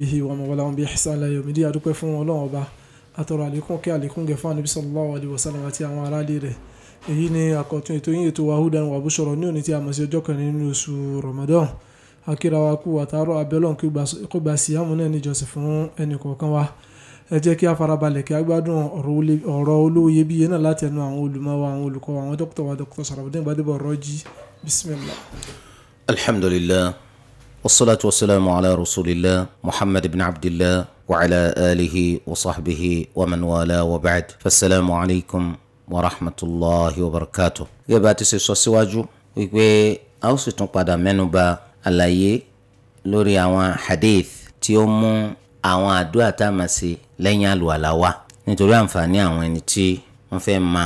bihi wa mawalahum bi ihsan la yomidi adúpẹ́ fún ọlọ́run ọba àtọ̀rọ̀ àlékún kí àlékún gẹ̀ fún ànábì sallallahu alaihi wasallam àti àwọn aráàlú rẹ̀ èyí ni àkọ́tún ètò yín ètò wahudan wa bushra ní òní tí a mọ̀ sí ọjọ́ kẹrin nínú oṣù ramadan akíra wa kú àtàrọ̀ abẹ́lọ́n kó gba síyàmù náà níjọsìn fún ẹnì kọ̀ọ̀kan wa ẹ jẹ́ kí a farabalẹ̀ kí a gbádùn ọ̀rọ̀ olówó iyebíye náà láti ẹnu àwọn olùmọ̀ wa àwọn olùkọ́ wa àwọn dókítà wa dókítà Sharafdeen Gbadebo Raji bismillah. alhamdulillah والصلاة والسلام على رسول الله محمد بن عبد الله وعلى آله وصحبه ومن والاه وبعد فالسلام عليكم ورحمة الله وبركاته يباتي سيسو سواجو ويكوي أو ستنق بعد منوبا àlàyé lórí àwọn hadith tí ó mú àwọn àdúrà tá a máa ṣe lẹ́yìn àlùwàlá wá nítorí àǹfààní àwọn ẹni tí wọ́n fẹ́ ma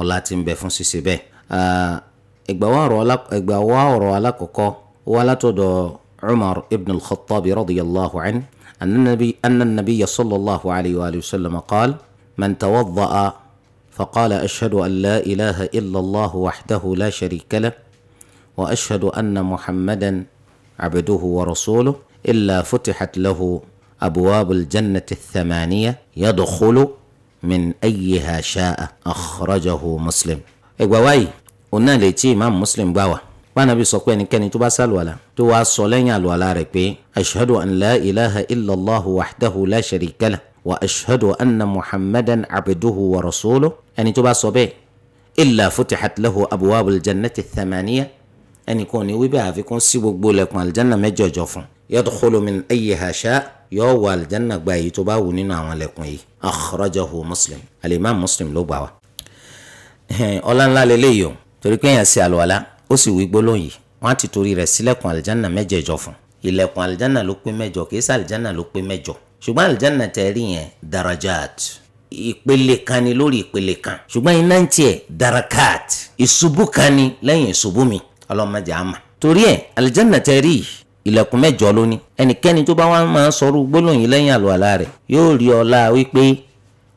ọlá tí ń bẹ fún ṣíṣe bẹ́ẹ̀. ẹgbàá ọ̀rọ̀ alákọ̀ọ́kọ́ ولتدعو عمر بن الخطاب رضي الله عنه أن النبي, أن النبي صلى الله عليه وآله وسلم قال من توضأ فقال أشهد أن لا إله إلا الله وحده لا شريك له وأشهد أن محمدا عبده ورسوله إلا فتحت له أبواب الجنة الثمانية يدخل من أيها شاء أخرجه مسلم إيه وواي قلنا تي إمام مسلم باوه pànàbí sọ pé ẹnikẹ́ni tó bá sàlùwàlà tó wàá sọ lẹ́yìn àlùwàlà rẹ̀ pé ashhadu an la ilaha illallah wahdahu la sharika lah wa ashhadu anna muhammadan abduhu wa rasuluhu ẹni tó bá sọ bẹ́ẹ̀ illa futihat lahu abwaabul jannati thamaniya ẹni kò ní wíbẹ̀ àfikún sí gbogbo lẹ́kùn aljanna mẹ́jọ̀jọ̀ fún yadkhulu min ayyiha sha yóò wọ aljanna gba èyí tó bá wù nínú àwọn lẹ́kùn yìí akhrajahu muslim alimam muslim ló gbà wá. ọlá ńlá o torí pé èèyàn ṣe àlùwàlá ó sì wí gbólóhùn yìí wọ́n á ti torí rẹ̀ sílẹ̀kùn àlìjánà mẹ́jẹ̀ẹ̀jọ fún ilẹ̀kùn àlìjánà ló pé mẹ́jọ kìí sá àlìjánà ló pé mẹ́jọ ṣùgbọ́n àlìjánà tẹ yẹn darajat ìpele kan ni lórí ìpele kan ṣùgbọ́n iná ń tiẹ̀ darakat ìṣubú kan ni lẹ́yìn ìṣubú mi ọlọ́mọdé àmà torí ẹ̀ àlìjánà tẹ rí ilẹ̀kùn mẹ́jọ lóní ẹnikẹ́ni tó bá wá máa sọ̀rọ̀ gbólóhùn yìí lẹ́yìn àlùwàlá rẹ̀ yóò rí ọlá wípé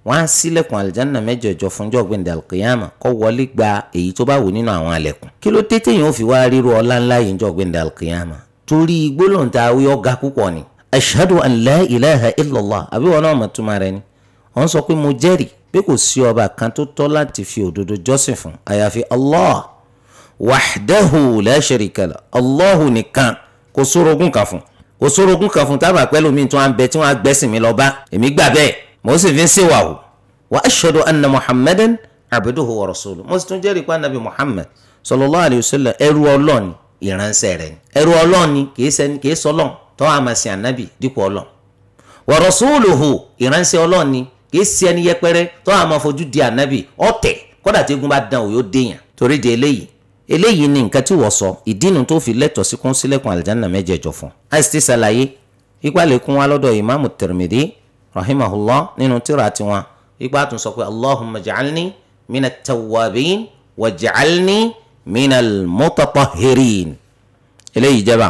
wọ́n á sílẹ̀kùn àlìjáná mẹ́jọ̀jọ fúnjọ́ gbẹ̀ndẹ̀ alkiyama kọ́ wọlé gba èyí tó bá wù nínú àwọn àlẹ̀kùn. kí ló dé téèyàn ò fi wá ríru ọlá ńlá yìí njọ́ gbẹ̀ndẹ̀ alkiyama torí gbólóhùn tá ọ̀gá púpọ̀ ni. ashhadu an la ilaha àbí wọn náà mọ̀ túmọ̀ rẹ̀ ni. wọ́n sọ pé mo jẹ́rìí pé kò sí ọba kan tó tọ́ láti fi òdodo jọ́sìn fún mo sì fi ń ṣèwà o wa ashhadu anna muhammadan abduhu wa rasuluhu mo sì tún jẹ́rìí pé anabi muhammad sallallahu alayhi wa sallam ẹrú ọlọ́ọ̀ni ìránṣẹ́ rẹ̀ ni ẹrú ọlọ́ọ̀ni kìí sọlọ́n tó wàá máa sin anabi dípò ọlọ́ọ̀n wa rasuluhu ìránṣẹ́ ọlọ́ọ̀ni kìí sí ẹni yẹpẹrẹ tó wàá máa fojú di anabi ọ̀tẹ̀ kódà tí egun bá dán òyò déyàn torí di eléyìí eléyìí ni nǹkan tí wọ́n sọ ìdínú tó fi lẹ́tọ̀ọ́ sí kún sílẹ̀kùn àlìjáná mẹ́jẹ̀ẹ̀jọ fún. àìsí ti ṣàlàyé ipá lè kún wa lọ́dọ̀ ìmáàmù Tirmidhi rahimahullah nínú tírà tiwọn ipa tún sọ pé allahumma ja'alni mina tawwabin wa ja'alni mina mutatahirin eléyìí jẹba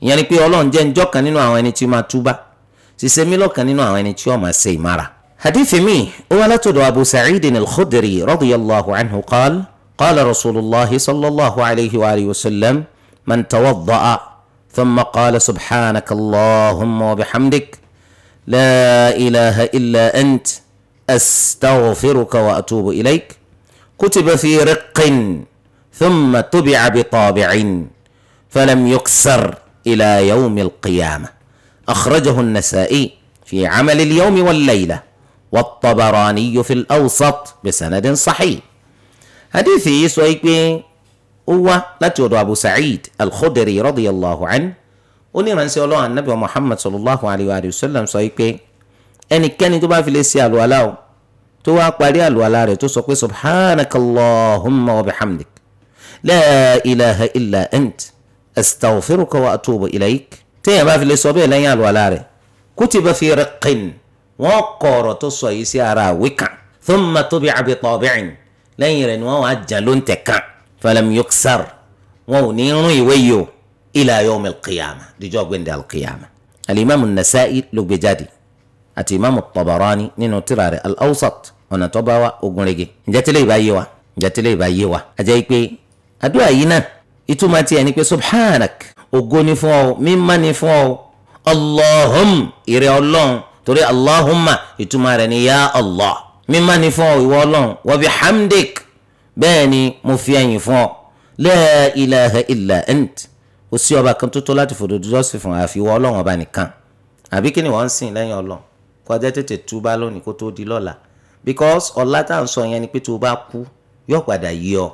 ìyẹn ni pé ọlọ́run jẹ́ njọ́ kan nínú àwọn ẹni tí ó máa túbá ṣiṣẹ́ mi lọ́kan nínú àwọn ẹni tí ó máa ṣe ìmára. حديث مي ولتد أبو سعيد الخدري رضي الله عنه قال قال رسول الله صلى الله عليه وآله وسلم من توضأ ثم قال سبحانك اللهم وبحمدك لا اله الا انت استغفرك واتوب اليك كتب في رق ثم تبع بطابع فلم يكسر الى يوم القيامه اخرجه النسائي في عمل اليوم والليله والطبراني في الاوسط بسند صحيح حديث يسوع هو لا أبو سعيد الخدري رضي الله عنه oníránṣẹ́ ọlọ́run anabi muhammad sallallahu alayhi wa sallam sọ pé ẹnikẹ́ni tó bá fi lè ṣe àlùwalá o tó wá parí àlùwalá rẹ̀ tó sọ pé subhanakallahumma wa bihamdik la ilaha illa ant astaghfiruka wa atubu ilayk téèyàn bá fi lè sọ bẹ́ẹ̀ lẹ́yìn àlùwalá rẹ̀ kutiba fi riqqin wọ́n kọ̀ọ̀rọ̀ tó sọ yìí sí ara àwé thumma tubi'a bi tabi'in lẹ́yìn rẹ̀ ni wọ́n wá jà ló kan falam yuksar wọn ò ní rún ìwé yìí o ila yawm al-qiyamah díjọ́ gbẹ̀ndẹ̀ al-qiyamah alimami nasa'i ló gbé jáde àti imaamu tabarani nínú tírà rẹ̀ al-awsat ọ̀nà tó bá wa ogun rege njẹ́tẹ́lẹ̀ ìbá yé wa njẹ́tẹ́lẹ̀ ìbá yé wa ajá yìí pé àdúrà yìí náà ìtumọ̀ tiẹ̀ ni pé subhanak ògo ni fún ọ mímọ́ ni fún ọ allahum ìrẹ́ ọlọ́run torí allahumma ìtumọ̀ rẹ̀ ni ya allah mímọ́ ni fún ọ ìwọ ọlọ́run wa bihamdik bẹ́ẹ̀ ni mo fi ẹ̀yìn fún ọ la ilaha illa ant kò sí ọba kan tó tó láti fòdodo jọ́sìn fún àfi ìwọ ọlọ́run ọba nìkan àbí kí ni wọ́n ń sìn lẹ́yìn ọlọ́run kọjá tètè túbá lónìí kó tó di lọ́la because ọ̀la tá à ń sọ yẹn ni pé tó o bá kú yóò padà yé ọ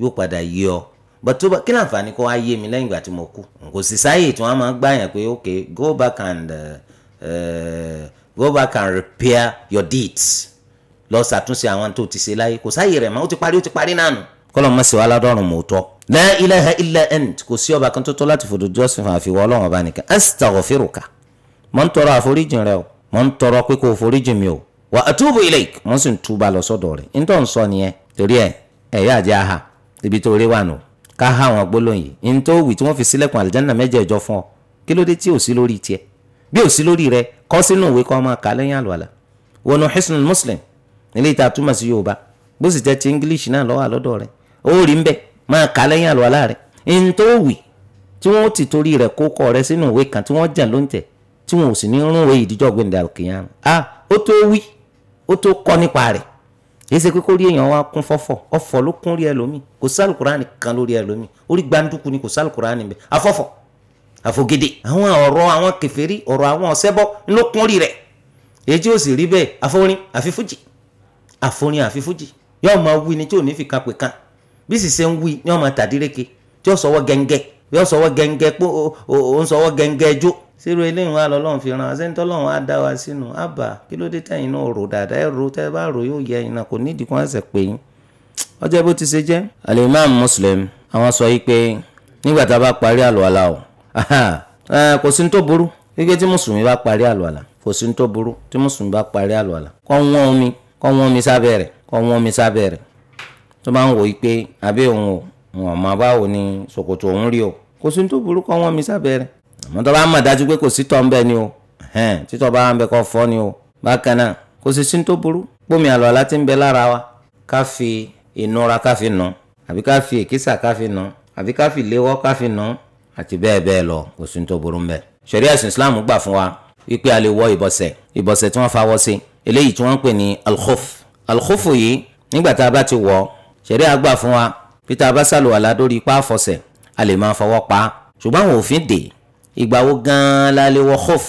yóò padà yé ọ but tó bá kí ni àǹfààní kó wá yé mi lẹ́yìn ìgbà tí mo kú kò sì sáyè tí wọ́n máa ń gbà yẹn pé ok go back and uh, uh, go back and repair your deeds lọ ṣàtúnṣe àwọn tó ti ṣe láyé kò sáyè rẹ̀ mọ́ ó ti parí ó ti parí náà nù kọ́lọ́ mọ̀ sí wa ládọ́rùn mọ́tọ́ la ilaha illa ant kò sí ọba kan tó tọ́ láti fòdò jọ́sìn fún àfiwọ́ ọlọ́run ọba nìkan astaghfiruka mò ń tọrọ àforíjìn rẹ o mò ń tọrọ pé kò foríjìn mi o wa atubu ilaik mò ń sì ń túba lọ sọ́dọ̀ rẹ̀ ń tọ́ ń sọ nìyẹn torí ẹ ẹ̀yà àjẹ́ aha ibi tó rí wà nù ká há àwọn gbólóyìn ń tó wì tí wọ́n fi sílẹ̀kùn àlìjáná mẹ́jẹ̀ẹ̀jọ fún ọ kí ló dé tí ò sí lórí tiẹ̀ bí ò sí lórí rẹ kọ sínú ìwé kọ́ máa kà lẹ́yìn àlùwàlà wọnú Hisnul Muslim nílé ìta túmọ̀ sí Yorùbá bó sì jẹ́ ti English náà lọ́wọ́ àlọ́dọ̀ rẹ̀ ó rí ń bẹ́ẹ̀ máa kà lẹ́yìn àlùwàlá rẹ̀ ẹni tó wì tí wọ́n ti torí rẹ̀ kó kọ rẹ̀ sínú ìwé kan tí wọ́n jàn ló ń tẹ̀ tí wọn ò sì ní rún ìwé ìdíjọ́ gbẹ̀ndẹ̀ àlùkìyàn a ó tó wí ó tó kọ́ nípa rẹ̀ èsì pé kó rí èèyàn wá kún fọ́fọ́ ọ̀fọ̀ ló kún rí ẹlòmíì kò sálùkùránì kan lórí ẹlòmíì orí gbàǹdùkú ni kò sálùkùránì bẹ́ẹ̀ afọ́fọ́ àfògede àwọn ọ̀rọ̀ àwọn kèfèrí ọ̀rọ̀ àwọn ọ̀sẹ́bọ ló kún rí rẹ̀ èyí tí ó sì rí bẹ́ẹ̀ àforin àfifújì àforin àfifújì yóò máa wí ni tí ò ní fi kan kan bí sì ṣe ń wí ni wọ́n máa tàdíreke tí ó sọwọ́ gẹ́ngẹ́ bí ó sọwọ́ gẹ́ngẹ́ pé ó ń sọwọ́ gẹ́ngẹ́ jó sírò eléyìí wà lọ́lọ́run fi ràn án sẹ́ni tọ́lọ́run á dá wa sínú àbá kí ló dé tẹ̀yìn náà rò dáadáa ẹ rò tẹ́ bá rò yóò yẹ ẹ̀yìn náà kò nídìí kó ẹsẹ̀ pé yín. ọjọ́ bó ti ṣe jẹ́. alimami muslim àwọn sọ yìí pé nígbà tá a bá parí àlùwàlà o kò sí ní tó burú wípé tí mùsùlùmí bá parí àlùwàlà kò sí ní tó burú tí mùsùlùmí bá parí àlùwàlà kọ́ wọ́n omi kọ́ wọ́n omi sábẹ́ rẹ̀ kọ́ wọ́n omi sábẹ́ rẹ̀ tó bá ń wò yí pé abẹ́ òun o wọn mọ báwo ni ṣòkòtò òun rí o kò sí ní tó burúkọ wọn mi sábẹ́ rẹ̀ àmọ́ tó bá mọ̀ dájú pé kò sí tọ́ ń bẹ ni o títọ́ bá ń bẹ kọ́ fọ́ ni o bákan náà kò sí sí tó burú pómi àlọ́ láti ń bẹ lára wa ká fi ìnura ká fi nà àbí ká fi èkísà ká fi nà àbí ká fi léwọ́ ká fi nà àti bẹ́ẹ̀ bẹ́ẹ̀ lọ kò sí tó burú ń bẹ ẹ̀sìn Islam gbà fún wa wípé a lè wọ ìbọ̀sẹ̀ ìbọ̀sẹ̀ tí wọ́n fa wọ́ sí eléyìí tí wọ́n ń pè ní alkhuf alkhufu yìí nígbà tá a bá ti wọ̀ ọ́ ṣẹ̀rí àgbà fún wa peter abásálò aládórí ipá àfọ̀sẹ̀ a lè máa fọwọ́ pa á ṣùgbọ́n àwọn òfin dè ìgbà gan-an la hof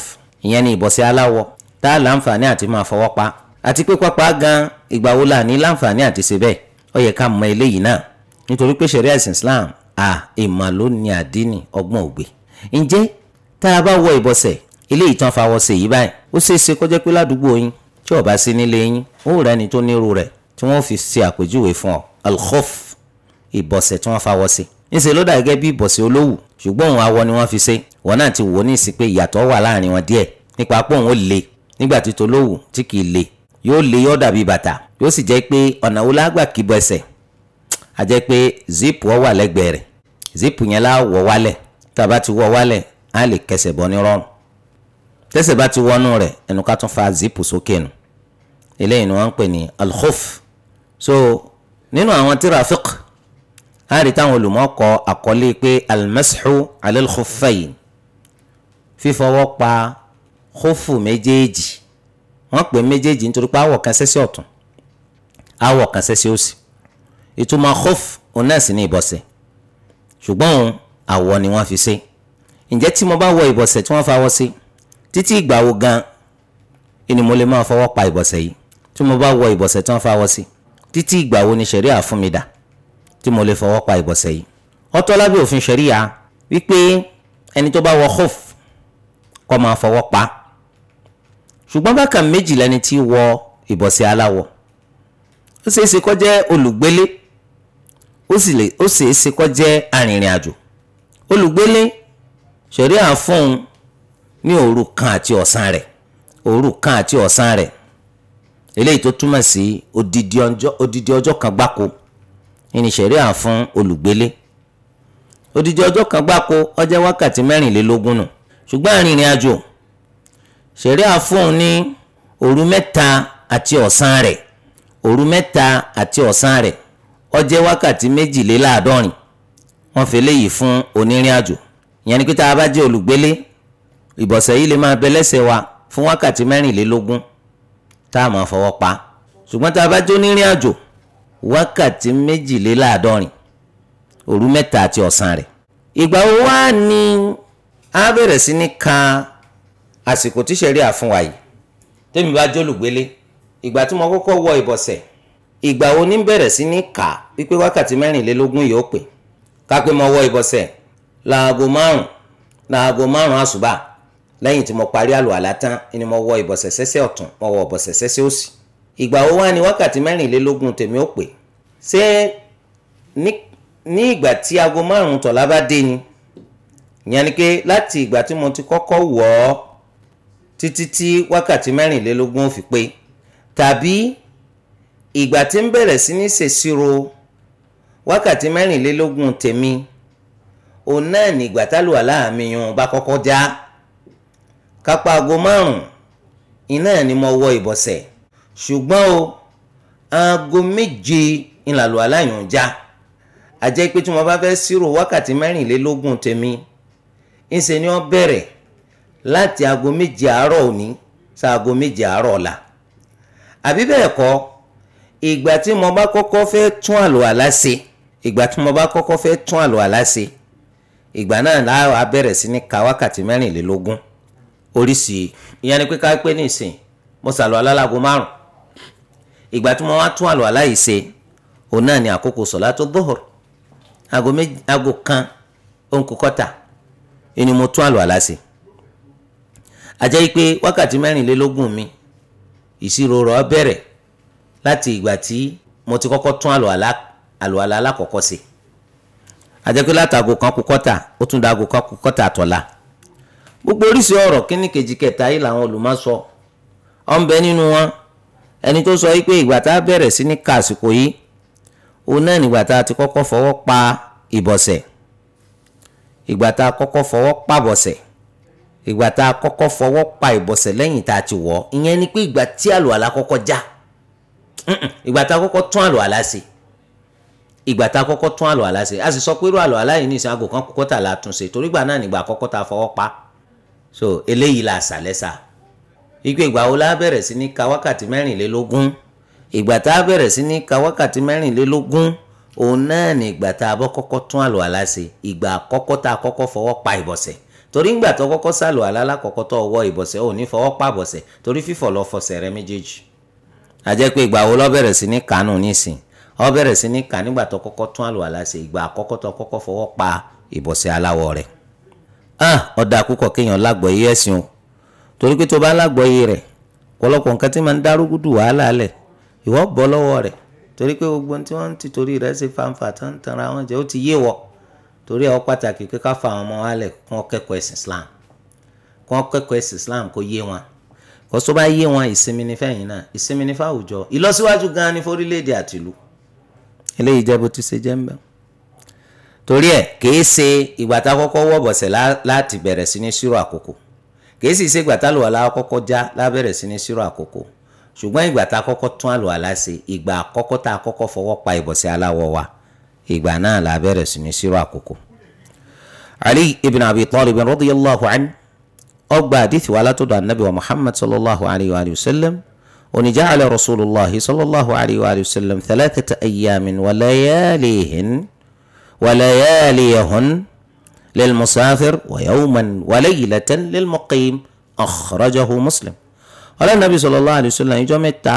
ìyẹn ni ìbọ̀sẹ̀ aláwọ̀ tá a láǹfààní àti máa fọwọ́ pa àti pé pápá gan ìgbà wo la ní láǹfààní àti ṣe bẹ́ẹ̀ ó yẹ ká mọ eléyìí náà nítorí pé ṣẹ̀rí ẹ̀sìn Islam à ìmọ̀ ló ní àdínì ọgbọ́n ògbè ǹjẹ́ tá a bá wọ ìbọ̀sẹ̀ eléyìí tán fa wọ́sẹ̀ yìí báyìí ó ṣeé ṣe kó jẹ́ pé ládùúgbò yín tí ó bá sí nílé yín ó rẹ́ni tó nírú rẹ̀ tí wọ́n fi ṣe àpèjúwe fún ọ alkhof ìbọ̀sẹ̀ tí wọ́n fa wọ́ sí ńṣe ló dà gẹ́gẹ́ bí ìbọ̀sẹ̀ olówù ṣùgbọ́n òun awọ ni wọ́n fi ṣe wọn náà ti wò ó ní ìsìn pé ìyàtọ̀ wà láàrin wọn díẹ̀ nípa pé òun ó le nígbà tí tolówù tí kì í le yóò le yóò dàbí bàtà yóò sì jẹ́ pé ọ̀nà wo lágbà kí bọ ẹsẹ̀ a jẹ́ pé zipu ọ wà lẹ́gbẹ̀ẹ́ rẹ̀ zipu yẹn la wọ̀ wálẹ̀ tá a bá ti wọ̀ wálẹ̀ á lè kẹsẹ̀ bọ́ ní rọrùn tẹ́sẹ̀ bá ti wọnú rẹ̀ ẹnu ká tún fa zipu sókè nù eléyìí ni wọ́n ń pè ní alkhof so nínú àwọn tíra fiqh láàrin táwọn olùmọ̀ kọ àkọlé pé almasḥu alal khuffayn fífọwọ́ pa khufu méjèèjì wọ́n pè méjèèjì nítorí pé awọ̀ kan sẹ́sẹ́ ọ̀tún awọ̀ kan sẹ́sẹ́ òsì ìtumọ̀ khuf òun náà sì ní ìbọ̀sẹ̀ ṣùgbọ́n àwọ̀ ni wọ́n fi ṣe ǹjẹ́ tí mo bá wọ ìbọ̀sẹ̀ tí wọ́n fawọ́ sí títí ìgbà wo gan ni mo lè máa fọwọ́ pa ìbọ̀sẹ̀ yìí tí mo bá wọ ìbọ̀sẹ̀ tí wọ́n fawọ́ sí. Si títí ìgbà wo ni ṣẹ̀ríà fún mi dà tí mo lè fọwọ́ pa ìbọ̀sẹ̀ yìí ọ̀tọ̀ lábẹ́ òfin ṣẹ̀ríà wípé ẹni tó bá wọ khuf kó máa fọwọ́ pa ṣùgbọ́n bákan méjì lẹni tí wọ ìbọ̀sẹ̀ aláwọ̀ ó ṣeé ṣe kó jẹ́ olùgbélé ó ṣeé ṣe kó jẹ́ arìnrìn àjò olùgbélé ṣẹ̀ríà fún un ní òru kan àti ọ̀sán rẹ̀ òru kan àti ọ̀sán rẹ̀ eléyìí tó túmọ̀ sí odidi ọjọ́ kan gbáko ní ṣẹ̀ríà fún olùgbélé odidi ọjọ́ kan gbáko ó jẹ́ wákàtí mẹ́rìnlélógún nù ṣùgbọ́n arìnrìn àjò ṣẹ̀ríà fún ní òru mẹ́ta àti ọ̀sán rẹ̀ òru mẹ́ta àti ọ̀sán rẹ̀ ó jẹ́ wákàtí méjìléláàádọ́rin wọ́n fi léyìí fún onírìn àjò ìyẹn ni pé tá a bá jẹ́ olùgbélé ìbọ̀sẹ̀ yìí lè máa bẹ lẹ́sẹ̀ wa fún wákàtí mẹ́rìnlélógún tá a máa fọwọ́ pa ṣùgbọ́n tá a bá jó nírìn àjò wákàtí méjìléláàádọ́rin òru mẹ́ta àti ọ̀sán rẹ̀ ìgbà wo wá ni a bẹ̀rẹ̀ sí ní ka àsìkò tíṣẹ̀rí àfún wa yìí tèmi bá jólùgbélé ìgbà tí mo kọ́kọ́ wọ ìbọ̀sẹ̀ ìgbà wo ní bẹ̀rẹ̀ sí ní kà wípé wákàtí mẹ́rìnlélógún yóò pè. ká pé mo wọ ìbọ̀sẹ̀ láago márùn-ún láago márùn-ún àṣùbà lẹ́yìn tí mo parí àlùwàlá tán ni mo wọ ìbọ̀sẹ̀ sẹ́sẹ́ ọ̀tún mo wọ ìbọ̀sẹ̀ sẹ́sẹ́ òsì ìgbà wo wá ni wákàtí mẹ́rìnlélógún tèmi ò pé ṣé ní ìgbà tí aago márùn tọ̀lá bá dé ni ìyẹn ni pé láti ìgbà tí mo ti kọ́kọ́ wọ̀ ọ́ títí tí wákàtí mẹ́rìnlélógún fi pé tàbí ìgbà tí ń bẹ̀rẹ̀ sí ní ṣèṣirò wákàtí mẹ́rìnlélógún tèmi òun náà nígbà tálùwàlá mi yun bá kọ́kọ́ já. Ja kápá aago márùn-ún iná ni mo wọ ìbọ̀sẹ̀ ṣùgbọ́n o aago méje ìlàlù aláyàn já àjẹ́ pé tí mo bá fẹ́ sírò wákàtí mẹ́rìnlélógún tèmi ńṣe ni ó bẹ̀rẹ̀ láti aago méje àárọ̀ òní sa aago méje àárọ̀ ọ̀la àbí bẹ́ẹ̀ kọ́ ìgbà tí mo bá kọ́kọ́ fẹ́ tún àlùwàlá ṣe ìgbà tí mo bá kọ́kọ́ fẹ́ tún àlùwàlá ṣe ìgbà náà la á sí ní ka wákàtí mẹ́rìnlélógún oríṣi ìyẹn ni pé ká pé nísìn mo sàlù alálàgò márùn ìgbà tí mo wá tún àlọ́ aláì òun náà ni àkókò sọ̀látù dhuhr aago kan òǹkù kọta ni mo tún àlọ́ àlá àjẹ́ pé wákàtí mẹ́rìnlélógún mi ìṣirò rọ̀ bẹ̀rẹ̀ láti ìgbà tí mo ti kọ́kọ́ tún alu ala àlọ́ àlá alákọ̀ọ́kọ́ ṣe àjẹ́ pé látàgò kan kù kọ́tà ó tún kan kọ́tà gbogbo oríṣi ọ̀rọ̀ kíní kejì kẹta yìí làwọn olùmọ̀ sọ ọ̀nbẹ nínú wọn ẹni tó sọ wípé ìgbà tá a bẹ̀rẹ̀ sí ní ka àsìkò yìí òun náà nígbà tá a ti kọ́kọ́ fọwọ́ pa ìbọ̀sẹ̀ ìgbà tá a kọ́kọ́ fọwọ́ pa bọ̀sẹ̀ ìgbà tá a kọ́kọ́ fọwọ́ pa ìbọ̀sẹ̀ lẹ́yìn tá a ti wọ̀ ìyẹn ni pé ìgbà tí àlùwàlá kọ́kọ́ já ìgbà tá a kọ́kọ́ tún àlùwàlá ṣe ìgbà tá a kọ́kọ́ tún àlùwàlá ṣe a sì sọ pé irú àlùwàlá yìí ní ìsìn aago kan kọ́kọ́ tà látúnṣe torí ìgbà náà nígbà àkọ́kọ́ tá a fọwọ́ pa á so eléyìí la sàlẹ́sà ìgbà ìgbà wo la bẹ̀rẹ̀ sí ní ka wákàtí mẹ́rìnlélógún ìgbà tá a bẹ̀rẹ̀ sí ní ka wákàtí mẹ́rìnlélógún òun náà ní ìgbà tá a bọ́ kọ́kọ́ tún àlùwàlá ṣe ìgbà àkọ́kọ́ tá a kọ́kọ́ fọwọ́ pa ìbọ̀sẹ̀ torí ńgbà tó kọ́kọ́ sàlùwàlá lákọ̀ọ́kọ́ tó wọ ìbọ̀sẹ̀ ò ní fọwọ́ pa ìbọ̀sẹ̀ torí fífọ̀ lọ fọsẹ̀ rẹ méjèèjì a jẹ́ pé ìgbà wo ló bẹ̀rẹ̀ sí ní kánú nísìn ó bẹ̀rẹ̀ sí ní kà nígbà tó kọ́kọ́ tún àlùwàlá ṣe ìgbà àkọ́kọ́ tó kọ́kọ́ fọwọ́ pa ìbọ̀sẹ̀ aláwọ̀ rẹ̀ ah ọ̀dà púpọ̀ kéèyàn lágbọ̀ọ́yé ẹ̀sìn o torí pé tó bá lágbọ̀ọ́yé rẹ̀ ọ̀pọ̀lọpọ̀ nǹkan tí máa ń dárúgúdù wàhálà lẹ̀ ìwọ́ bọ́ lọ́wọ́ rẹ̀ torí pé gbogbo tí wọ́n ti torí rẹ̀ ṣe fanfa tó ń tanra wọn jẹ́ ó ti yé wọ torí ẹ̀ ó pàtàkì pé ká fa àwọn ọmọ wa lẹ̀ kí wọ́n kẹ́kọ̀ọ́ ẹ̀sìn Islam kí wọ́n kẹ́kọ̀ọ́ ẹ̀sìn Islam kó yé wọn kó tó bá yé wọn ìsinmi ní fẹ́yìn náà ìsinmi ní fáwùjọ ìlọsíwájú gan-an ní forílẹ̀-èdè àtìlú eléyìí jẹ́ bó ti ṣe jẹ́ ń bẹ́ẹ̀ torí ẹ kìí ṣe ìgbà tá a kọ́kọ́ wọ̀ bọ̀sẹ̀ láti bẹ̀rẹ̀ sí ní ṣírò àkókò kìí sì ṣe ìgbà tá a lò wà lákọ́kọ́ já lábẹ̀rẹ̀ sí ní ṣírò àkókò ṣùgbọ́n ìgbà tá a kọ́kọ́ tún àlọ́ àlá ṣe ìgbà àkọ́kọ́ tá a kọ́kọ́ fọwọ́ pa ìbọ̀sẹ̀ aláwọ̀ wa ìgbà náà la bẹ̀rẹ̀ sí ní ṣírò àkókò. Ali ibn Abi Talib radiyallahu an ọgbà àdìtì wa látọ̀dọ̀ anabi wa Muhammad sallallahu alayhi wa sallam oníjàcálẹ̀ rasulillah sallallahu alayhi wa sallam thalathata ayyamin wa layalihin ولياليهن للمسافر ويوما وليلة للمقيم أخرجه مسلم ọlọ́run nàbí sallallahu alayhi wa sallam ìjọ mẹ́ta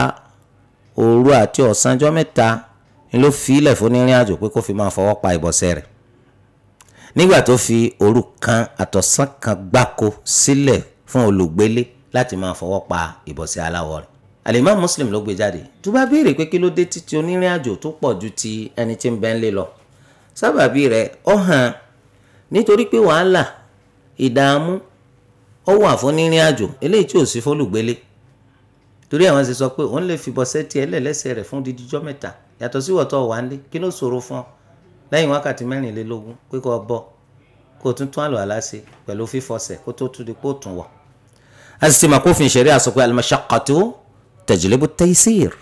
òru àti ọ̀sán ìjọ mẹ́ta ni ló fi ilẹ̀ fún onírìn àjò pé kó fi máa fọwọ́ pa ìbọ̀sẹ̀ rẹ̀ nígbà tó fi òru kan àtọ̀sán kan gbáko sílẹ̀ fún olùgbélé láti máa fọwọ́ pa ìbọ̀sẹ̀ aláwọ̀ rẹ̀ Al-Imam Muslim ló gbé jáde tó bá béèrè pé kí ló dé títí onírìn àjò tó pọ̀ ju ti ẹni tí ń bẹ́ńlé lọ sábàbí rẹ̀ ọ hàn nítorí pé wàhálà ìdààmú ọ wà fún rírìn àjò eléyìí tí ò sí fólùgbélé torí àwọn ṣe sọ pé òun lè fìbọn sẹ́tì ẹlẹ́lẹ́sẹ̀ rẹ̀ fún dídíjọ́ mẹ́ta yàtọ̀ sí wọ́tọ̀ wà ń lé kí ló ṣòro fún ọ lẹ́yìn wákàtí mẹ́rìnlélógún pé kò bọ́ kó tún tún àlọ́ àláṣe pẹ̀lú fífọsẹ̀ kó tó tún di kó tún wọ̀. a sì máa kófin ìṣẹ̀rí àsọ pé al-mashaqqatu tajlibu at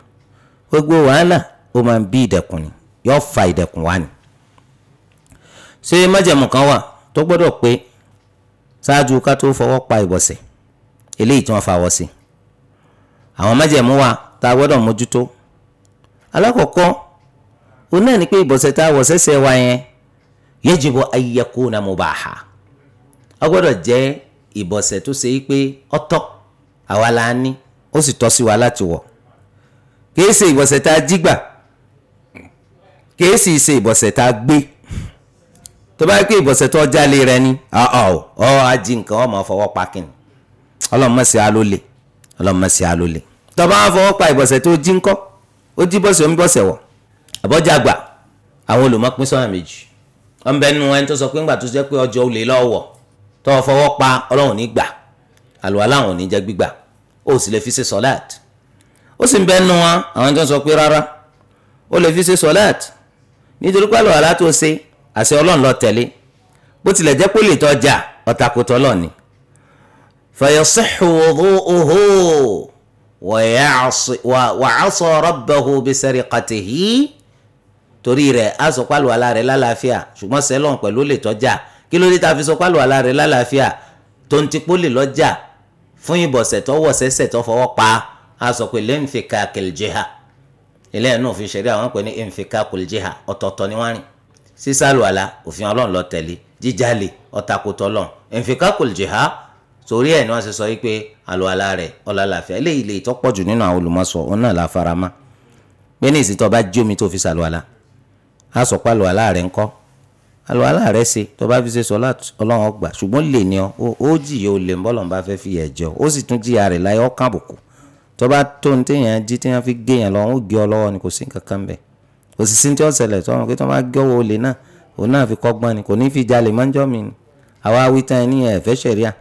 gbogbo wàhálà ó máa ń bí ìdẹ̀kùn ni yóò fa ìdẹ̀kùn wá ni. ṣé májẹ̀mú kan wà tó gbọ́dọ̀ pé ṣáájú ká pa ìbọ̀sẹ̀ eléyìí tí wọ́n fa wọ́ sí àwọn májẹ̀mú wa tá a gbọ́dọ̀ mójútó alákọ̀ọ́kọ́ òun náà ni pé ìbọ̀sẹ̀ tá a wọ̀ sẹ́sẹ̀ wa yẹn yajibu an yakuna mubaha ó gbọ́dọ̀ jẹ́ ìbọ̀sẹ̀ tó ṣe pé ọ̀tọ̀ àwa la ní ó sì tọ́ sí wa láti wọ̀ kìí ṣe ìbọ̀sẹ̀ tá a kìí sì ṣe ìbọ̀sẹ̀ tó bá yẹ pé ìbọ̀sẹ̀ tó jálè rẹ ni ọ̀ ah, ají ah, nǹkan ọmọ fọwọ́ pa kìnnì ọlọ́mọ̀sí alólè ọlọ́mọ̀sí alólè tó bá fọwọ́ pa ìbọ̀sẹ̀ tó jí ńkọ́ ó jí bọ̀sẹ̀ ń bọ̀sẹ̀ wọ̀ àbọ̀jàgbà àwọn olùmọ̀pín sọ́nà méjì wọ́n bẹ nu ẹni tó sọ pé ńgbà tó jẹ́ pé ọjọ́ olè lọ́wọ́ tó fọwọ́ pa ọlọ́run ní gbà àlùwàlá àwọn ní jẹ́ gbígbà ó àṣẹ ọlọ́run lọ tẹ̀lé bó tilẹ̀ jẹ́ pé lè tọ́jà ọ̀tàkùtọ̀ lọ́ọ̀ni. fayasihu wudu'uhu wa'asa rabbahu bisariqatihi torí rẹ̀ á sọ pálù àlá rẹ̀ lálàáfíà ṣùgbọ́n sẹ́lọ̀n pẹ̀lú lè tọ́jà kí ló dé tá a fi sọ pálù àlá rẹ̀ lálàáfíà tó ń ti pólè lọ́jà fún ìbọ̀sẹ̀ tó wọ̀ sẹ́sẹ̀ tó fọwọ́ pa á sọ pé lẹ́ǹfìkà kìlìjìhà ilé ẹ̀ náà fi ṣeré àwọn pè ní ẹ̀ǹfìkà ọ̀tọ̀ọ̀tọ̀ ni wọ́n rìn sísàlùwàlà òfin ọlọ́run lọ tẹ̀lé jíjalè ọ̀tàkùtọ̀ lọ ẹ̀ǹfìkàkùl jìhá torí ẹ̀ ni wọ́n ṣe sọ yìí pé àlùwàlà rẹ̀ ọ̀làlàfẹ́ eléyìí lè tọ́pọ̀ jù nínú àwọn olùmọ̀sọ òun náà la farama pé ní ìsìn tó bá jí omi tó fi sàlùwàlà á sọ pé àlùwàlà rẹ̀ ńkọ́ àlùwàlà rẹ̀ ṣe tó bá fi ṣe sọ ọlọ́run ọgbà ṣùgbọ́n lè ní ọ ó jìyà ó lè ń bọ́lọ̀ bá fẹ́ fi yẹ̀ jẹ ó sì tún jìyà rẹ̀ láyé ọ̀kàn tó bá tó ní téèyàn jí téèyàn fi gé yẹn lọ ó gé ọ ni kò sí nǹkan kan bẹ́ẹ̀ kò sì sí ní tí ó ṣẹlẹ̀ tó wọn kí tó bá gẹ́wọ́ olè náà òun náà fi kọ́gbọ́n ni kò ní fi jalè máa ń jọ́ mi ni àwa wí tán ẹni ẹ̀ fẹ́ ṣẹ̀ríà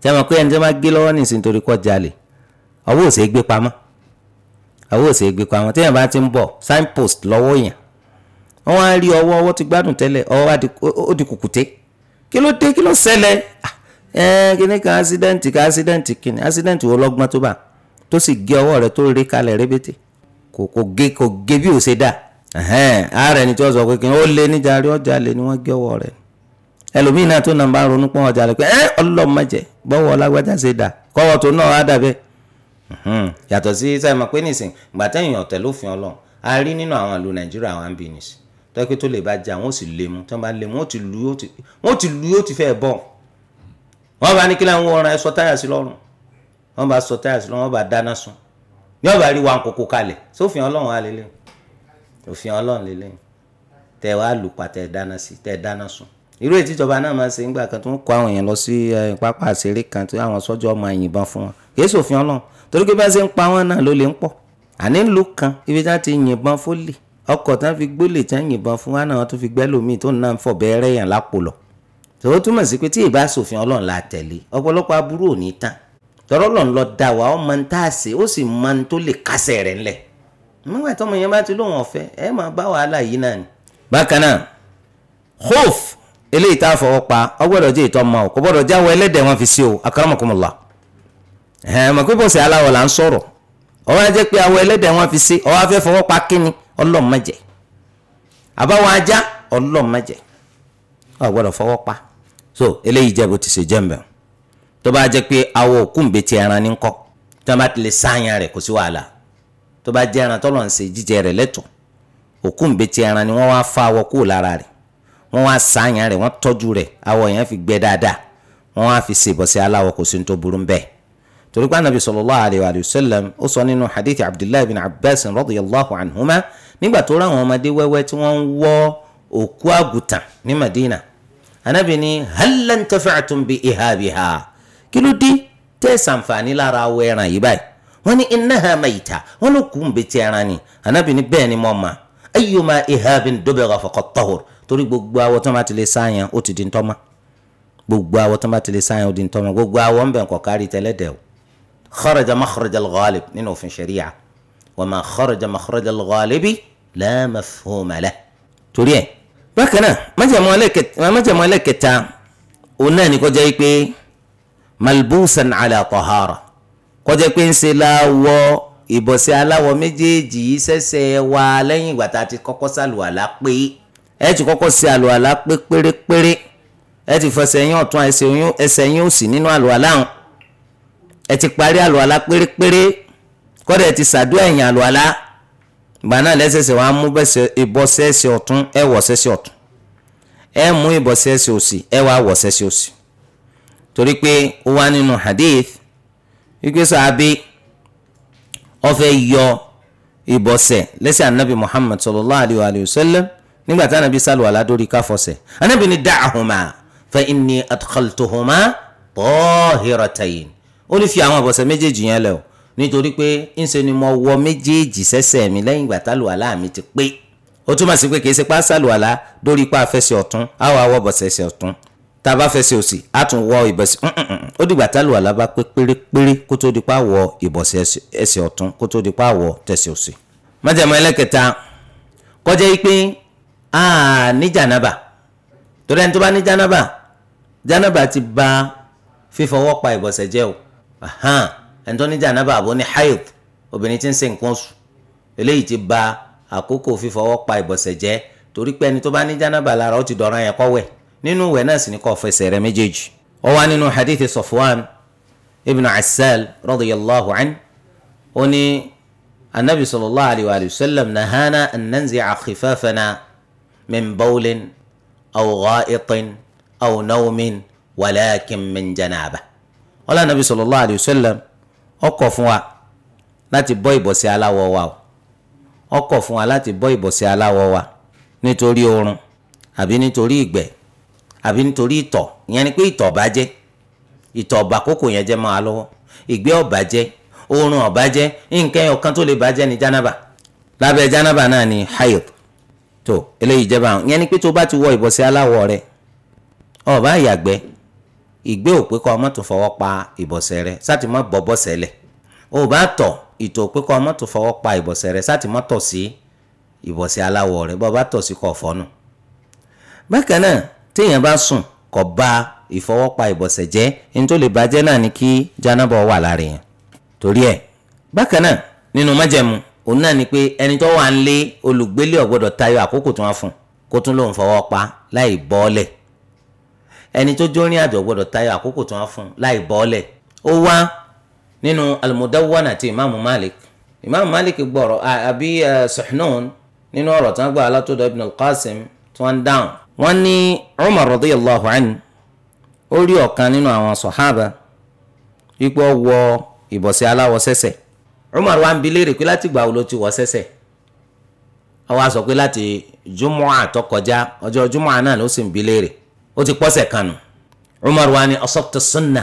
tí a mọ̀ pé ẹni tó bá gé lọ́wọ́ nìsín torí kọ́ jalè ọwọ́ ò gbé pamọ́ ọwọ́ ò gbé pamọ́ téèyàn bá ti ń bọ̀ signpost lọ́wọ́ yẹn wọ́n wá rí ọwọ́ ọwọ́ ti gbádùn tẹ́lẹ̀ ọwọ́ ó di kùkùté kí ló dé kí ló ṣẹlẹ̀ ah, ẹ̀ẹ́n kí ni kan accident kan accident kò kò gé kò gé bí ò ṣe dà ààrẹ ni tí wọ́n sọ pé kí wọ́n ó lé níjà rí ọjà lé ni wọ́n gé ọwọ́ rẹ̀ ẹlòmíì náà tó nàá bá ronú pọ́n ọjà rẹ̀ pé ẹ ọlọ́mọdé bọ́wọ́ ọlágbájá ṣe dà kọ́wọ́ tó náà á dàbẹ́ yàtọ̀ sí sáyẹn mọ̀ pé nìsín gbàtẹ́yìn ọ̀tẹ̀ lófin ọlọ́run a rí nínú àwọn ìlú nàìjíríà àwọn ambinis tọ́pẹ́ tó lè bá jà wọ́n sì lé mu tí wọ́n bá lé mu wọ́n ti lu yóò ti fẹ́ bọ̀ wọ́n bá ní kílẹ̀ ń wọ́n ra ẹ sọ táyà sí lọ́rùn wọ́n bá sọ táyà sí lọ́rùn wọ́n bá dáná sun ní ọba rí wa kókó kalẹ̀ sófin ọlọ́run á lélẹ̀ òfin ọlọ́run lélẹ̀ tẹ wàá lùpà tẹ dáná sí tẹ dáná sùn irú ètí ìjọba náà máa ń ṣe ńgbà kan tó ń kó àwọn èèyàn lọ sí pápá àṣírí kan tí àwọn sọ́jọ́ máa yìnbọn fún wọn kì í sòfin ọlọ́run torí pé bá ṣe ń pa wọn náà ló lè ń pọ̀ àní ńlú kan ibi tí wọ́n ti yìnbọn fólè ọkọ̀ tí wọ́n fi gbólè tí wọ́n yìnbọn fún wa náà wọ́n tún fi gbẹ́lòmíì tó náà ń fọ̀ bẹ́ẹ́rẹ́ yàn lápò lọ tòun sí pé tí ìbá sòfin ọlọ́run la tẹ̀lé ọ̀pọ̀lọpọ̀ aburú ò ní tán tọ́rọ́ lọ́n lọ da wa ọmọ ń tá a sè ó sì mọ ń tó lè kásẹ̀ rẹ̀ ńlẹ̀ nígbà tọ́mọ yẹn bá ti lóun ọ̀fẹ́ ẹ máa bá wàhálà yìí náà ni. bákan náà hof eléyìí tá a fọwọ́ pa ọ gbọ́dọ̀ jẹ́ ìtọ́ ọmọ o kò gbọ́dọ̀ jáwọ́ ẹlẹ́dẹ̀ wọn fi sí o akaramakumula ẹ̀ mọ̀ pé bọ́sẹ̀ aláwọ̀ là ń sọ̀rọ̀ ọwọ́ ajẹ́ pé awọ ẹlẹ́dẹ̀ wọn fi sí ọwọ́ afẹ́ fọwọ́ pa kíni ọlọ́mọdé àbáwọn ajá ọlọ́mọdé ọ fọwọ́ pa so eléyìí jẹ́ bó ti ṣe jẹ́ mbẹ́wọ̀n tó bá jẹ́ pé awọ òkúńbẹ́tì ẹran ní kọ́ tí wọ́n bá ti lè sáyàn rẹ̀ kò sí wàhálà tó bá jẹ́ ẹran tọ́lọ̀ ń ṣe jíjẹ rẹ̀ lẹ́tọ̀ òkúńbẹ́tì ẹran ni wọ́n wá fa awọ kúrò lára rẹ̀ wọ́n wá sáyàn rẹ̀ wọ́n tọ́jú rẹ̀ awọ yẹn fi gbẹ dáadáa wọ́n wá fi ṣe ìbọ̀sẹ̀ aláwọ̀ kò sí ní tó burú bẹ́ẹ̀ torí pé anabi sallallahu alayhi wa sallam ó sọ nínú hadith abdullahi bin abbas radiyallahu anhuma nígbà tó ráwọn ọmọdé wẹ́wẹ́ tí wọ́n ń wọ́ òkú àgùtàn ní madina anabi ní hal lan bi ihabiha kí ló dé tẹ́ ṣàǹfààní lára awọ ẹran yìí báyìí wọ́n ní innaha mayta wọ́n ló kú nbẹ̀tì ẹran ni anabi ni bẹ́ẹ̀ ni mo ma ayyuma ihabin dubigha faqad tahur torí gbogbo awọ tó ń bá ti lè sáyẹn ó ti di ntọ́mọ́ gbogbo awọ tó ń bá ti lè sáyẹn ó di ntọ́mọ́ gbogbo awọ ń bẹ̀ kọ́ kárí tẹ́lẹ̀dẹ̀ o kharaja makhraja al-ghalib nínú òfin ṣẹ̀ríyà wa ma kharaja makhraja al-ghalibi la mafhuma torí ẹ̀ bákan náà májàmú ẹlẹ́kẹta òun náà ní kọjá yìí pé malbusan ala tahara kọjá pé ń ṣe la wọ ìbọ̀sẹ̀ aláwọ̀ méjèèjì yìí ṣẹ̀ṣẹ̀ wà lẹ́yìn ìgbà tá a ti kọ́kọ́ ṣàlùwàlá pé ẹ ti kọ́kọ́ ṣe àlùwàlá pé pérépéré ẹ ti fẹsẹ̀ yín ọ̀tún ẹsẹ̀ yín òsì nínú àlùwàlá hàn ẹ ti parí àlùwàlá pérépéré kọ́dà ẹ ti ṣàdúrà ẹ̀yìn àlùwàlá ìgbà náà lẹ́sẹ̀sẹ̀ wàá mú ìbọ̀sẹ̀ ẹsẹ̀ ọ̀tún ẹ wọ̀ sẹ́sẹ̀ ọ̀tún ẹ mú ìbọ̀sẹ̀ ẹsẹ̀ òsì ẹ wàá wọ̀ sẹ́sẹ̀ òsì torí pé ó wá nínú hadith wípé sàbí ó fẹ́ yọ ìbọ̀sẹ̀ lẹ́sẹ̀ anabi muhammad sallallahu alayhi wa sallam nígbà tí anabi sálùwàlá dórí káfọ̀sẹ̀ anabi ni da'ahuma fa inni adkhaltuhuma tahiratayn ó ní fi àwọn ìbọ̀sẹ̀ méjèèjì yẹn lẹ̀ o nítorí pé ńṣe ni mo wọ méjèèjì sẹ́sẹ̀ mi lẹ́yìn ìgbà tálùwàlá mi ti pé ó túmọ̀ sí pé kì í ṣe pá sálùwàlá dórí ipá ọ̀tún á wà wọ bọ̀sẹ̀sẹ̀ ọ̀tún tá a bá fẹsẹ̀ òsì á tún wọ ìbọ̀sẹ̀ mm, mm, mm. ó dìgbà tálùwàlá bá pé pérépéré kó tó di pa wọ ìbọ̀sẹ̀ ẹsẹ̀ ọ̀tún kó tó di pa wọ tẹsẹ̀ òsì. májàmú ẹlẹ́kẹta kọjá yìí pé a ní jànábà torí ẹni tó bá ní jànábà jànábà ti ba fífọwọ́ pa ìbọ̀sẹ̀ jẹ́ o ẹni tó ní jànábà àbó ní haid obìnrin tí ń ṣe nǹkan oṣù eléyìí ti ba àkókò fífọwọ́ pa ìbọ̀sẹ̀ jẹ́ torí pé ẹni tó bá ní jànábà lára ó ti dọ̀ràn yẹn kọ́wẹ́ nínú ìwẹ̀ náà sì ni kó fẹsẹ̀ rẹ méjèèjì ó wá nínú hadithi Safwan ibn Assal radiyallahu an ó ní anabi sallallahu alayhi wa sallam nahana an nanzi'a khifafana min bawlin aw gha'itin aw nawmin walakin min janaba ó lá anabi sallallahu alayhi wa sallam ó kọ̀ fún wa láti bọ́ ìbọ̀sẹ̀ aláwọ̀ wa o ó fún wa láti bọ́ ìbọ̀sẹ̀ aláwọ̀ wa nítorí oorun àbí nítorí ìgbẹ́ àbí nítorí ìtọ̀ ìyẹn ni pé ìtọ̀ bàjẹ́ ìtọ̀ ọ̀bà kókò yẹn jẹ́ máa lọ́wọ́ ìgbẹ́ ọ̀bàjẹ́ oorun ọ̀bàjẹ́ nǹkan ọ̀kan tó lè bàjẹ́ ni jánábà lábẹ́ jánábà náà ni hayop tó eléyìí jẹba àwọn ìyẹn ni pé tó bá ti wọ ìbọ̀sẹ̀ aláwọ̀ rẹ ọ̀bá ìyàgbẹ́ ìgbẹ́ òpè kọ́ ọmọ tó fọwọ́ pa ìbọ̀sẹ̀ rẹ sátì mọ́ bọ́ bọ́sẹ̀ lẹ̀ ọ̀bá tọ̀ ìtọ̀ òpè kọ́ ọmọ tó fọwọ́ pa ìbọ̀sẹ̀ rẹ sátì mọ́ tọ̀ sí ìbọ̀sẹ̀ aláwọ̀ rẹ bọ́ bá tọ̀ sí kọ̀ fọ́nù. bákan náà téèyàn bá sùn kò bá ìfọwọ́pa ìbọ̀sẹ̀ jẹ́ ní tó lè bàjẹ́ náà ni kí jánábọ̀ wà lára yẹn torí ẹ̀ bákan náà nínú májẹ̀mú òun náà ni pé ẹni tó wà ń lé olùgbélé ò gbọ́dọ̀ tayọ àkókò tó wá fún kó tún lòun fọwọ́ pa láì bọ́ọ̀lẹ̀ ẹni tó jó rìn àjò ò tayọ àkókò tó wá fún láì bọ́ọ̀lẹ̀ ó wá nínú al-Mudawwana imaamu Malik imaamu Malik gbọ́rọ̀ àbí eh, Suhnun nínú ọ̀rọ̀ tí wọ́n gbọ́ alátọ́dọ̀ Ibn al-Qasim tí wọ́n ń dáhùn wọ́n ní Umar radiyallahu anhu ó rí ọ̀kan nínú àwọn sọ̀hábà wípé ó wọ ìbọ̀sẹ̀ aláwọ̀ sẹ́sẹ̀ Umar wa ń bi léèrè pé láti gbà wo ló ti wọ̀ sẹ́sẹ̀ àwa sọ pé láti jumu'a tó kọjá ọjọ́ jumu'a náà ló sì ń bi léèrè ó ti pọ́sẹ̀ kanu Umar wa ni asabta sunna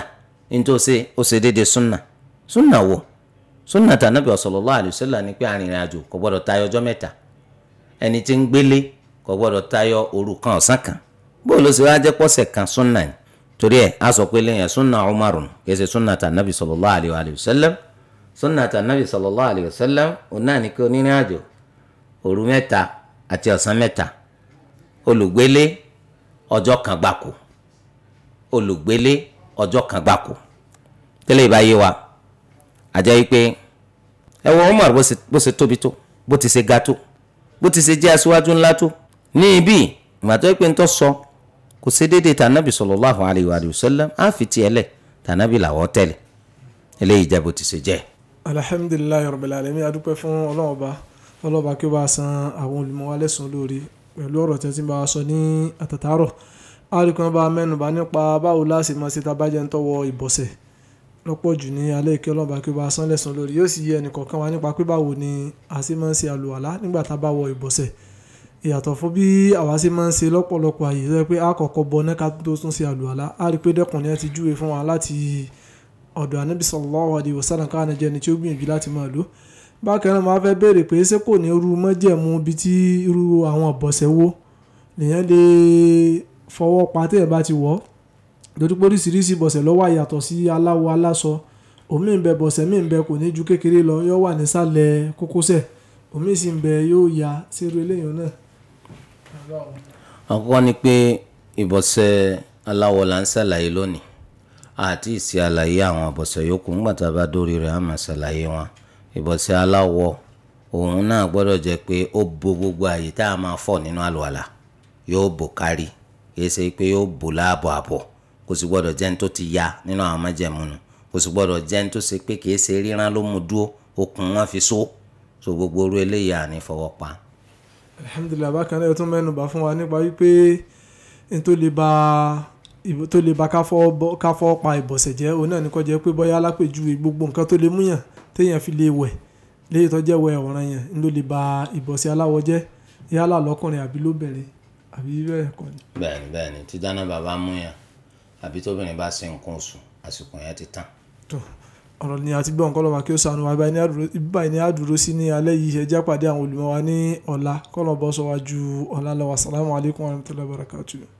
nítòsí ó ṣe déédéé sunna sunna wo sunna tànàbí sallallahu alaihi ni pé arìnrìn àjò kò gbọdọ̀ tayọ ọjọ́ mẹ́ta ẹni tí ń gbélé kò gbọ́dọ̀ tayọ òru kan ọ̀sán kan bó ló ṣe wá jẹ́ pọ́sẹ̀ kan súnà yìí torí ẹ̀ a sọ pé lẹ́yìn súnà Umaru kìí súnà tà nàbì sallallahu alayhi wa sallam súnà tà nàbì sallallahu alayhi wa sallam òun náà ní kí onírìn àjò òru mẹ́ta àti ọ̀sán mẹ́ta olùgbélé ọjọ́ kan gbáko olùgbélé ọjọ́ kan gbáko tẹ́lẹ̀ ìbáyé wa àjẹ́ yìí pé ẹ wo Umar bó ṣe tóbi tó bó ti ṣe ga tó bó ti ṣe jẹ́ aṣíwájú ńlá tó ní ibi ìgbàtọ́ pé ń tọ́ sọ kò ṣe déédéé tànàbì sallallahu alayhi wa sallam á fi tiẹ̀ lẹ̀ tànàbì làwọ̀ tẹ̀lé eléyìí jẹ́ bó ti ṣe jẹ́. alhamdulilayi rabbil alamin adúpẹ́ fún ọlọ́ọ̀ba ọlọ́ọ̀ba kí ó bá san àwọn olùmọ̀ wa lẹ́sùn lórí pẹ̀lú ọ̀rọ̀ tẹ́tí bá a sọ ní àtàtàrọ̀ àríkan bá a mẹ́nubà nípa báwo láti máa ṣe tabajẹ́ ń tọwọ́ ìbọ̀sẹ̀ lọ́pọ̀ jù ní alẹ́ ìkẹ́ ọlọ́ọ̀ba kí ó bá san lẹ́sùn lórí yóò sì yẹ ẹnìkọ̀ọ̀kan wa nípa pé báwo ni a máa ń ṣe àlùwàlá nígbà tá a bá wọ ìbọ̀sẹ̀ ìyàtọ̀ fún bí àwa ṣe máa ń ṣe lọ́pọ̀lọpọ̀ àyè rẹ pé a kọ́kọ́ bọ náà ká tó tún ṣe àlùwàlá a rí i pé dẹ́kun yẹn ti júwe fún wa láti ọ̀dọ̀ ànábì sallallahu alaihi wasallam káwọn ẹ̀jẹ̀ ni tí ó gbìyànjú láti máa lò bákan náà máa fẹ́ béèrè pé ṣé kò ní irú mọ́jẹ̀mú bí tí irú àwọn ọ̀bọ̀sẹ̀ wo lèyàn lè fọwọ́ pa téèyàn bá ti wọ̀ ọ́ lórí sì ń bẹ yóò ya sérú eléyìí náà àkọ́kọ́ ni pé ìbọ̀sẹ̀ aláwọ̀ là ń ṣàlàyé lónìí àti ìsì àlàyé àwọn ìbọ̀sẹ̀ yòókù ńgbà tá a bá dórí rẹ̀ á máa ṣàlàyé wọn ìbọ̀sẹ̀ aláwọ̀ òun náà gbọ́dọ̀ jẹ́ pé ó bo gbogbo àyè tá a máa fọ̀ nínú àlùwàlà yóò bò kárí kìí ṣe pé yóò bò láàbọ̀ àbọ̀ kò sì gbọ́dọ̀ jẹ́ ní tó ti ya nínú àwọn májẹ̀mú nu kò sì gbọ́dọ̀ jẹ́ ní tó ṣe pé kìí ṣe ríran ló mu dúró okùn wọn fi so so gbogbo orú eléyìí àní fọwọ́ pa alhamdulilayi bákan náà ẹ tún mẹ́nu bà fún wa nípa wípé n tó lè ba tó lè ba káfọ́ pa ìbọ̀sẹ̀ jẹ́ òun náà ní kó jẹ́ pé bóyá alápèjúwe gbogbo nǹkan tó lè múyàn téèyàn fi lè wẹ̀ léyìí tó jẹ́ wẹ̀ ọ̀ràn yẹn n ló lè ba ìbọ̀sẹ̀ aláwọ̀ jẹ́ yálà lọ́kùnrin àbí lóbìnrin àbí bẹ́ẹ̀ kọ́ ni. bẹ́ẹ̀ni bẹ́ẹ̀ni tí dáná bàbá múyàn àbí tóbìnrin bá ṣe nǹkan oṣù àsìkò yẹn ti tán. tó ọ̀rọ̀ ni àti gbọ́n kọ́lọ́mà kí ó sànù wa báyìí ní àdúró sí ní alẹ́ yìí ẹjẹ́ pàdé àwọn olùmọ̀ wa ní ọ̀la kọ́lọ́mà bọ́ sọ wájú ọ̀la lọ́wọ́ assalamu alaikum warahmatullahi wabarakatuh